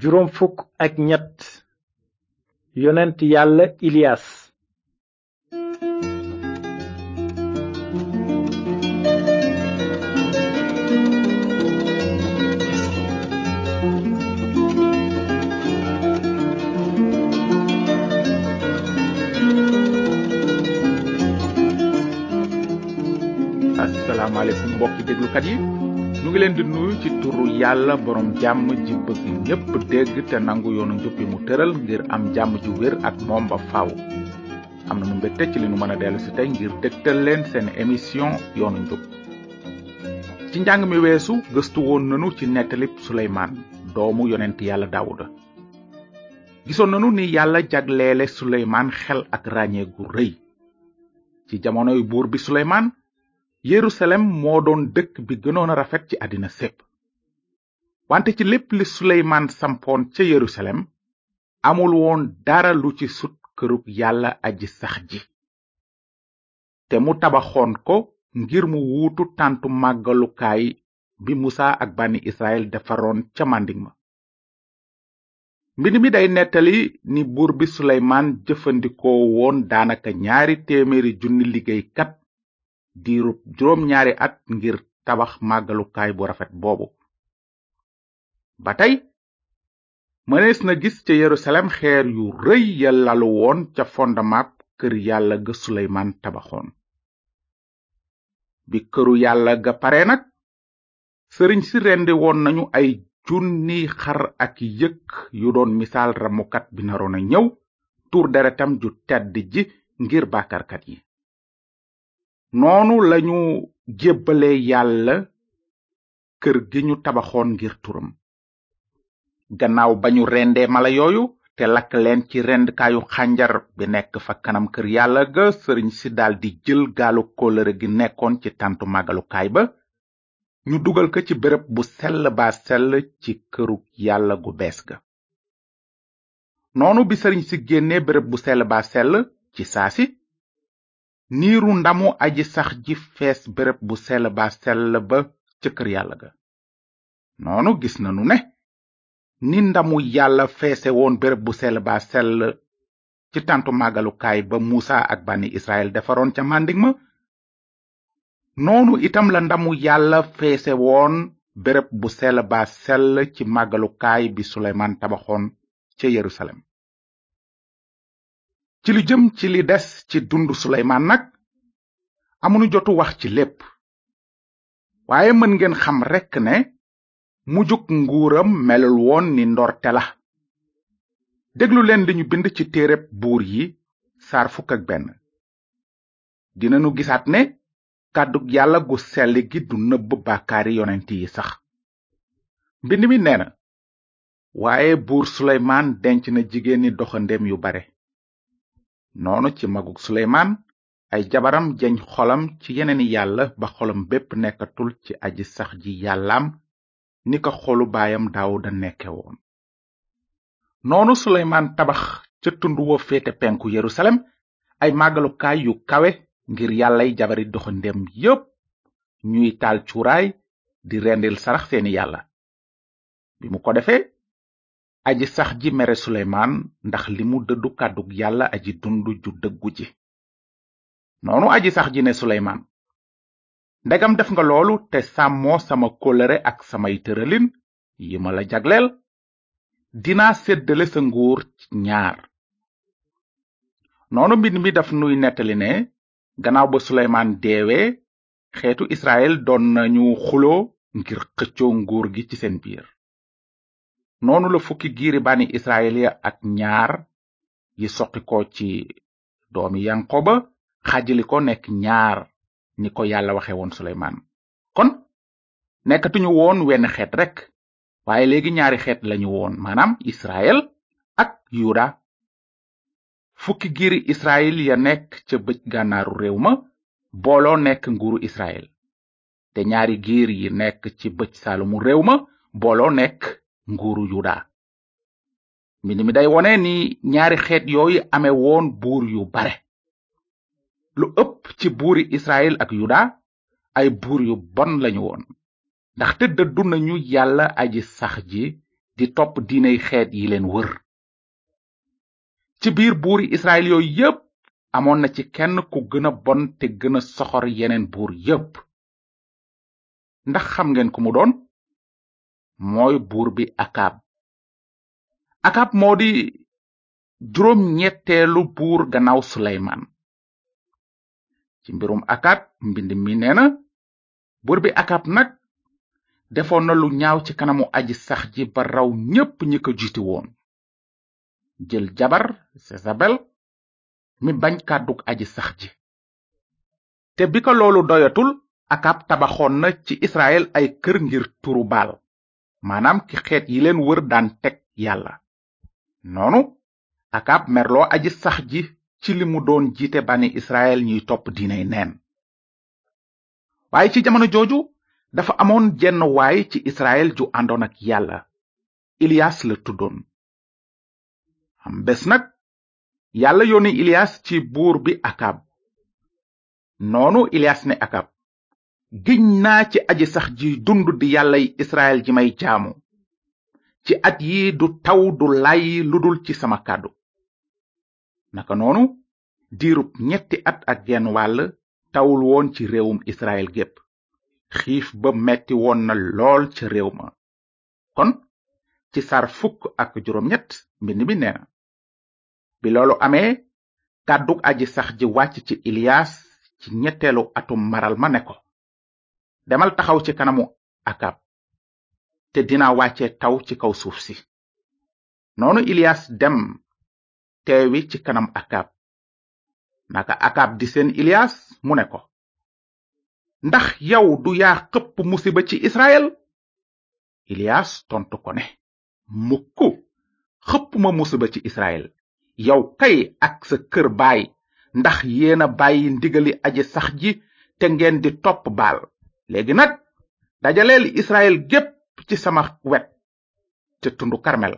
juróom fukk ak ñett yonent yàlla Ilias asalaamaaleykum mbokki déglukat yi ñu ngi leen di nuyu ci turu yàlla borom jàmm ji bëgg ñépp dégg te nangu yoonu njub bi mu tëral ngir am jàmm ju wér ak moom ba faaw am na nu mbette ci li nu mën a dellu si tey ngir dégtal leen seen émission yoonu njub ci njàng mi weesu gëstu woon nanu ci nettalib suleymaan doomu yonent yàlla daawuda gisoon nanu ni yàlla jagleele suleymaan xel ak ràññee gu rëy ci jamonoy buur bi suleymaan yerusalem moo doon dëkk bi gënoon a rafet ci àddina sépp wante ci lépp li suleymaan sampoon ca yerusalem amul woon dara lu ci sut kërug yàlla aji sax ji te mu tabaxoon ko ngir mu wuutu tàntu màggalukaay bi musa ak bànni israel defaroon ca màndig ma mbind mi day nettali ni buur bi suleymaan jëfandikoo woon daanaka ñaari téeméeri junni liggéeykat diirub juróom ñaari at ngir tabax màggalukaay bu rafet boobu ba tey mënees na gis ca yerusalem xeer yu rëy ya lalu woon ca fondamaab kër yàlla ga suleymaan tabaxoon bi këru yàlla ga pare nag sëriñ si rendi nañu ay junni xar ak yëkk yu doon misaal ramukat bi naroon a ñëw tuur deretam ju tedd ji ngir bàkkarkat yi noonu lañu jébbale yàlla kër gi ñu tabaxoon ngir turam gannaaw ba ñu rendee mala yooyu te lakk leen ci rendkaayu xànjar bi nekk fa kanam kër yàlla ga sëriñ si daldi jël gaalu kóllëre gi nekkoon ci tàntu magalukaay ba ñu dugal ko ci béréb bu sell ba sell ci këru yàlla gu bees ga noonu bi sëriñ si génnee bërëb bu sell baa sell ci saasi niiru ndamu aji sax ji fees bërëb bu sell ba sell ba ca kër yàlla ga noonu gis nanu ne ni ndamu yàlla feese woon bërëb bu sell ba sell ci tantu màggalukaay ba muusa ak bànni israel defaroon ca màndig ma noonu itam la ndamu yàlla feese woon bërëb bu sell ba sell ci màggalukaay bi suleymaan tabaxoon ca yerusalem ci lu jëm ci li des ci dund Suleymaan nag amunu jotu wax ci lépp waaye mën ngeen xam rekk ne mu mujjug nguuram melul woon ni ndorte la déglu leen li bind ci téereb buur yi saar fukk ak benn dinanu gisaat ne kàddug yàlla gu sell gi du nëbb bàkkaari yonent yi sax mbind mi nee na waaye buur suleymaan denc na jigéeni doxandem yu bare noonu ci magug suleymaan ay jabaram jañ xolam ci yeneeni yàlla ba xolam bépp nekkatul ci aji sax ji yàllam ni ko xolu baayam daawuda nekke woon noonu suleymaan tabax ca tund wa féete penku yerusalem ay màggalukaay yu kawe ngir yàllay jabari doxandem yépp ñuy taal cuuraay di rendil sarax seeni yàlla bi mu ko aji sax ji mere suleymaan ndax li mu dëddu kàddug yàlla aji dund ju dëggu ji noonu aji sax ji ne suleymaan ndegam def nga loolu te sàmmoo sama kóllëre ak samay tëralin yi ma jagleel dinaa seddale sa nguur ñaar noonu mbind mi daf nuy nettali ne gannaaw ba suleymaan deewee xeetu israel doon nañu xuloo ngir xëccoo nguur gi ci seen biir noonu la fukki giiri bani israel ya ak ñaar yi soqiko ci doom doomi yanqoba xajali ko nekk ñaar ni ko yàlla waxe woon suleymaan kon nekkatuñu woon wenn xeet rek waaye léegi ñaari xeet lañu woon maanaam israel ak yuda fukki giiri israel ya nekk ca bëj gànnaaru réew ma booloo nekk nguuru israel te ñaari giir yi nekk ci bëj saalumu réew ma booloo nekk nguuru yuda mbind mi day wone ni ñaari xeet yooyu ame woon buur yu bare lu ëpp ci buuri israel ak yuda ay buur yu bon lañu woon ndaxte dëddu nañu yàlla aji sax ji di topp diiney xeet yi leen wër ci biir buur israel yooyu yépp amoon na ci kenn ku gën a bon te gën a soxor yeneen buur yépp ndax xam ngeen ku mu doon mooy buur bi akaab akaab moo di juróom ñetteelu buur gannaaw suleymaan ci mbirum akaab mbind mi neena buur bi akaab nag defoon na lu ñaaw ci kanamu aji sax ji ba raw ñépp ñi ko jiiti woon jël jabar sesabel mi bañ kàddug aji sax ji te bi ko loolu doyatul akaab tabaxoon na ci israel ay kër ngir turubaal maanaam ki xeet yi leen wër daan teg yàlla noonu akaab merloo aji sax ji ci li mu doon jiite bani israel ñuy topp diinay neen waaye ci jamono jooju dafa amoon jenn waay ci israel ju àndoon ak yàlla ilias la tuddoon am bés nag yàlla yónni ilias ci buur bi akaab noonu ilias ne akaab giñ naa ci aji sax ji dund di yàllay israel ji may jaamu ci at yi du taw du lay lu dul ci sama kàddu naka noonu diirub ñetti at ak genn wàll tawul woon ci réewum israel gépp xiif ba metti woon na lool ca réew ma kon ci sar fukk ak juróom ñett bi loolu amee kàddug aji sax ji wàcc ci ilias ci ñetteelu atum maral ma ne ko demal taxaw ci kanamu akab te dina wàcce taw ci kaw suuf si noonu iliyas dem teewi ci kanam akab naka akab di seen iliyas mu ne ko ndax yow du yaa xëpp musiba ci israel iliyas tontu ko ne mukk xëppuma musiba ci israel yow kay ak sa kër baay ndax yéena bàyyi ndigali aji sax ji te ngeen di topp baal léegi nag dajaleel israel gépp ci sama wet ca tundu karmel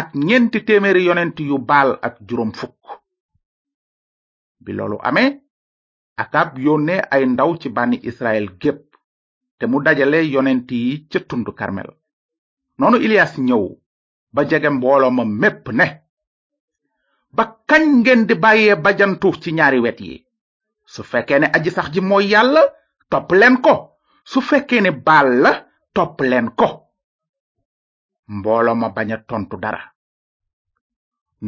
ak ñenti téeméeri yonent yu baal ak juróom fukk bi loolu amee akab yónnee ay ndaw ci bànni israel gépp te mu dajale yonent yi ca tundu karmel noonu ilias ñëw ba jege mbooloo ma mépp ne ba kañ ngeen di bàyyee bajantu ci ñaari wet yi su fekkee ne aji sax ji mooy yàlla topp leen ko su fekkee ne baal la topp leen ko mbooloo ma baña tontu dara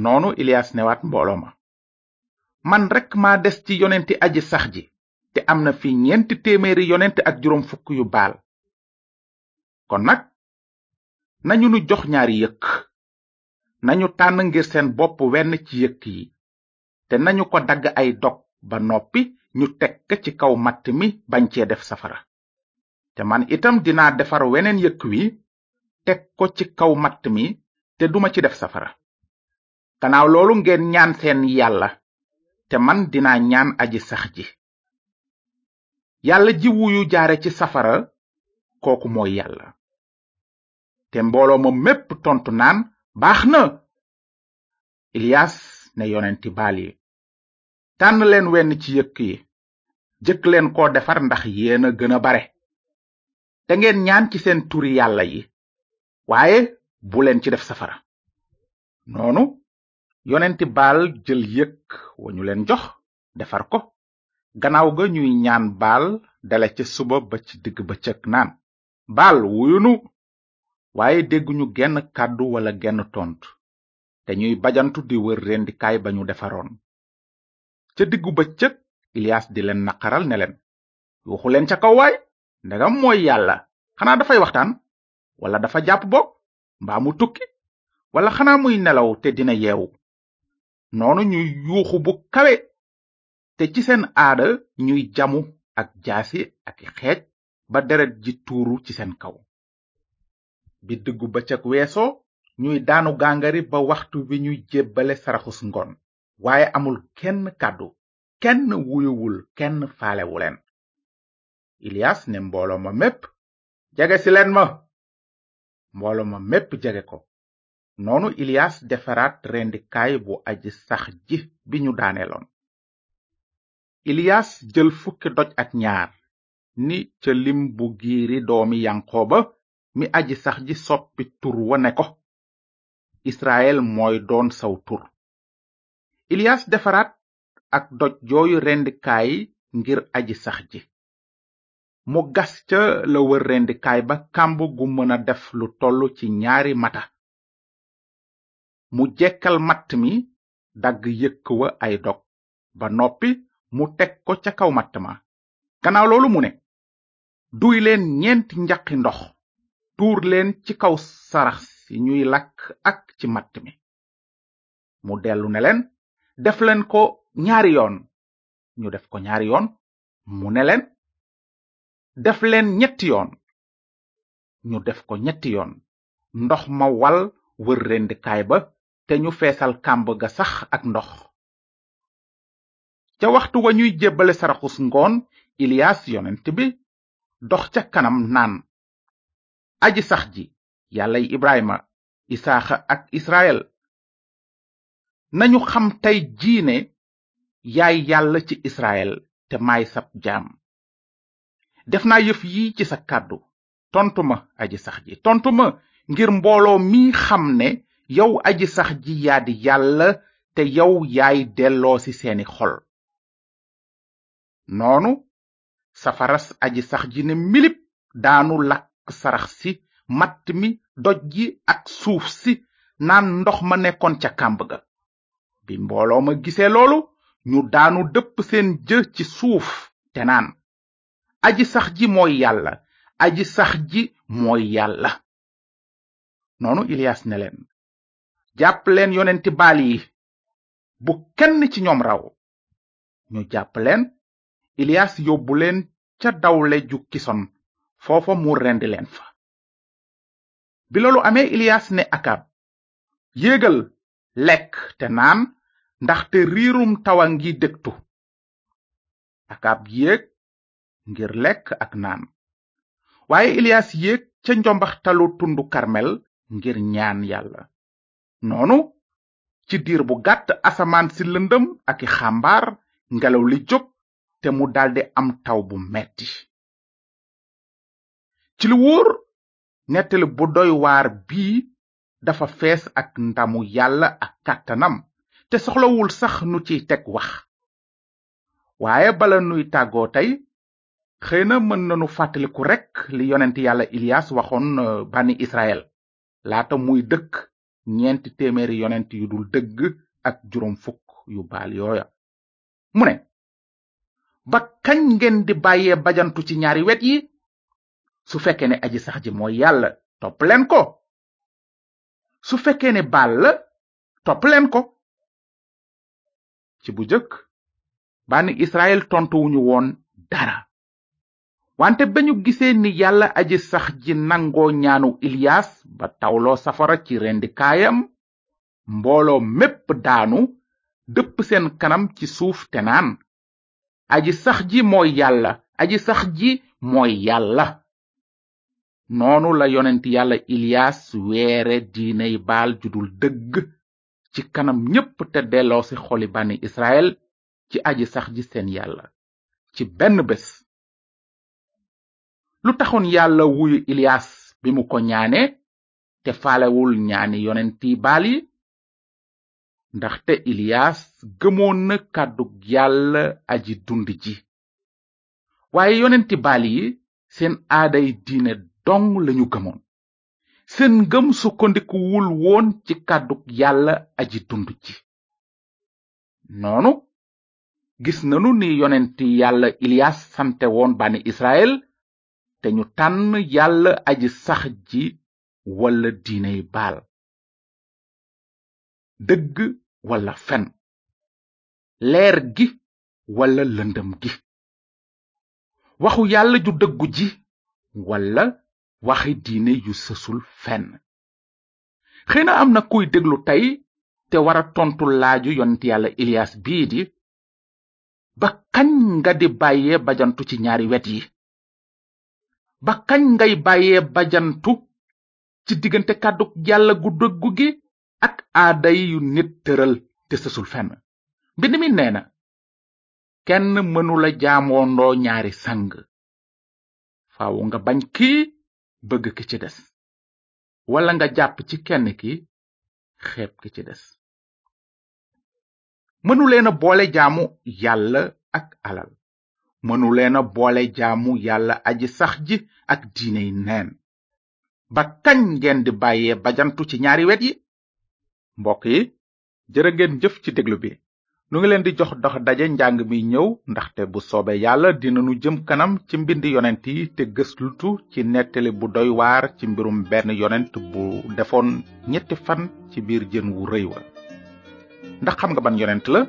noonu iliyas newaat mbooloo ma man rek ma des ci yonenti aji sax ji te am na fi ñeenti téeméeri yonent ak juróom fukk yu baal kon nag nañu nu jox ñaar yëkk nañu tànn ngir seen bopp wenn ci yëkk yi te nañu ko dagg ay dog ba noppi ñu teg ci kaw matt mi bañ cee def safara te man itam dinaa defar weneen yëkk wi teg ko ci kaw matt mi te duma ci def safara kanaaw loolu ngeen ñaan seen yàlla te man dinaa ñaan aji sax ji yàlla ji wuyu jaare ci safara kooku mooy yàlla te mbooloo ma mépp tontu naan baax na Ilias ne yonenti baal yi tànn leen wenn ci yëkk yi jëkk leen koo defar ndax yéen a gën a bare te ngeen ñaan ci seen turi yàlla yi waaye bu leen ci def safara noonu yonenti baal jël yëkk wa ñu leen jox defar ko gannaaw ga ñuy ñaan baal dale ca suba ba ci digg bëccëg naan baal wuyunu waaye dégguñu genn kàddu wala genn tontu te ñuy bajantu di wër rendikaay ba ñu defaroon ca diggu bëccëg ilias di leen naqaral ne leen yuuxu leen ca kaw waay ndegam mooy yàlla xanaa dafay waxtaan wala dafa jàpp boog mbaa mu tukki wala xanaa muy nelaw te dina yeewu noonu ñuy yuuxu bu kawe te ci seen aada ñuy jamu ak jaasi ak xeej ba deret ji tuuru ci seen kaw bi diggu bëccëg weesoo ñuy daanu gàngari ba waxtu bi ñuy jébbale saraxus ngoon waaye amul kenn kàddu kenn wuyuwul kenn faalewu leen Ilias ne mbooloo ma mépp jege si leen ma mbooloo mépp jege ko noonu Ilias defaraat rendikaay bu aji sax ji bi ñu daaneeloon Ilias jël fukki doj ak ñaar ni ca lim bu giiri doomi Yanqooba mi aji sax ji soppi tur wa ne ko Israel mooy doon saw tur Ilias defaraat ak doj jooyu rendikaay ngir aji sax ji mu gas ca la wër rendikaay ba kàmb gu mëna def lu tollu ci ñaari mata mu jekkal matt mi dagg yëkk wa ay dog ba noppi mu teg ko ca kaw matt ma gannaaw loolu mu ne duy leen ñeenti njaqi ndox tuur leen ci kaw sarax si ñuy lakk ak ci matt mi mu dellu ne leen def leen ko ñaari yoon ñu def ko ñaari yoon mu ne leen def leen ñetti yoon ñu def ko ñetti yoon ndox ma wal wër ba te ñu feesal kàmb ga sax ak ndox ca waxtu wa ñuy jébbale saraxus ngoon ilias yonent bi dox ca kanam naan aji sax ji yàllay ibrahima isaaxa ak israel nañu xam tey jii yaay yàlla ci israel te may sab jaam def naa yëf yi ci sa kàddu tontu ma aji sax ji tontu ngir mbooloo mi xam ne yow aji sax ji yaa yàlla te yow yaay delloo ci seeni xol noonu safaras aji sax ji ne milip daanu lakk sarax si matt mi doj ji ak suuf si naan ndox ma nekkoon ca kàmb ga bi mbooloo ma gisee loolu ñu daanu dëpp seen jë ci suuf te naan aji sax ji mooy yàlla aji sax ji mooy yàlla noonu Ilias ne leen jàpp leen yonenti baal yi bu kenn ci ñoom raw ñu jàpp leen Ilias yóbbu leen ca dawle ju kison foofa mu rendi leen fa bi amee Ilias ne Akab yéegal lekk te naan ndaxte riirum tawa ngi dëktu ak ab yéeg ngir lekk ak naan waaye Elias yéeg ca njombaxtalu tundu karmel ngir ñaan yàlla noonu ci diir bu gàtt asamaan si lëndëm ak i ngelaw li jóg te mu daldi am taw bu metti ci lu wóor nettali bu doy waar bii dafa fees ak ndamu yàlla ak kàttanam te soxlawul sax nu ci teg wax waaye bala nuy tàggoo tey xëy na mën nanu fàttaliku rekk li yonent yàlla Ilias waxoon euh, bani Israël laata muy dëkk ñeenti téeméeri yonent yu dul dëgg ak juróom fukk yu baal yooya mu ne ba kañ ngeen di bàyyee bajantu ci ñaari wet yi su fekkee ne aji sax ji mooy yàlla topp leen ko su fekkee ne baal ko ci bu jëkk bànni israel tontuwuñu woon dara wante ba ñu gisee ni yàlla aji sax ji nangoo ñaanu iliyas ba tawloo safara ci rendikaayam mbooloo mépp daanu dëpp seen kanam ci suuf te naan aji sax ji mooy yàlla aji sax ji mooy yàlla noonu la yonent yàlla iliyas weere diiney baal ju dul dëgg ci kanam ñépp te delloo ci xoli bànni Israël ci aji sax ji seen yàlla ci benn bés lu taxoon yàlla wuyu Ilias bi mu ko ñaane te faalewul ñaani yonenti baal yi ndaxte Ilias gëmoon na kàddug yàlla aji dund ji waaye yonenti baal yi seen aaday diine dong lañu gëmoon seen ngëm sukkandikuwul woon ci kàddug yàlla aji dund ji noonu gis nanu ni yonenti yàlla iliyas sante woon bani israel te ñu tànn yàlla aji sax ji walla diiney baal dëgg walla fen leer gi walla lëndëm gi waxu yàlla ju dëggu ji walla waxi diine yu sësul fenn xëy na am na kuy déglu tey te wara tontu laaju yonent yàlla ilias bii di ba kañ nga di bàyyee bajantu ci ñaari wet yi ba ngay bàyyee bajantu ci diggante kàddu yàlla gu dëggu gi ak aaday yu nit tëral te sësul fenn mbind mi nee na kenn mënula jaamoondoo ñaari sang faaw nga bañ kii bëgg ki ci des walla nga jàpp ci kenn ki xepp ki ci des mënuleena boole jaamu yàlla ak alal mënuleena boole jaamu yàlla aji sax ji ak diiney neen ba kañ ngeen di bàyyee bajantu ci ñaari wet yi mbokk yi jërë ngeen jëf ci déglu bi nu ngi leen di jox dox daje njàng mi ñëw ndaxte bu soobe yàlla ñu jëm kanam ci mbind yonent yi te gës gëslutu ci nettali bu doy waar ci mbirum benn yonent bu defoon ñetti fan ci biir jën wu rëy wa ndax xam nga ban yonent la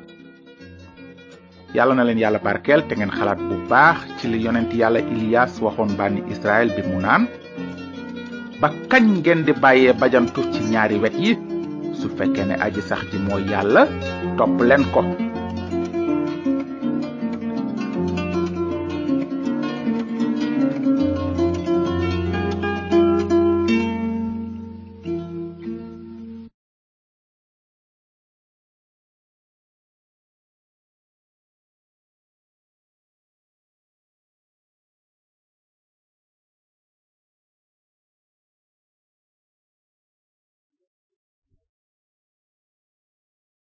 yàlla na leen yàlla barkeel te ngeen xalaat bu baax ci li yonent yàlla Ilias waxoon bànni Israël bi mu naan ba kañ ngeen di bàyyee bajantu ci ñaari wet yi su fekkee ne aji sax ji mooy yàlla topp leen ko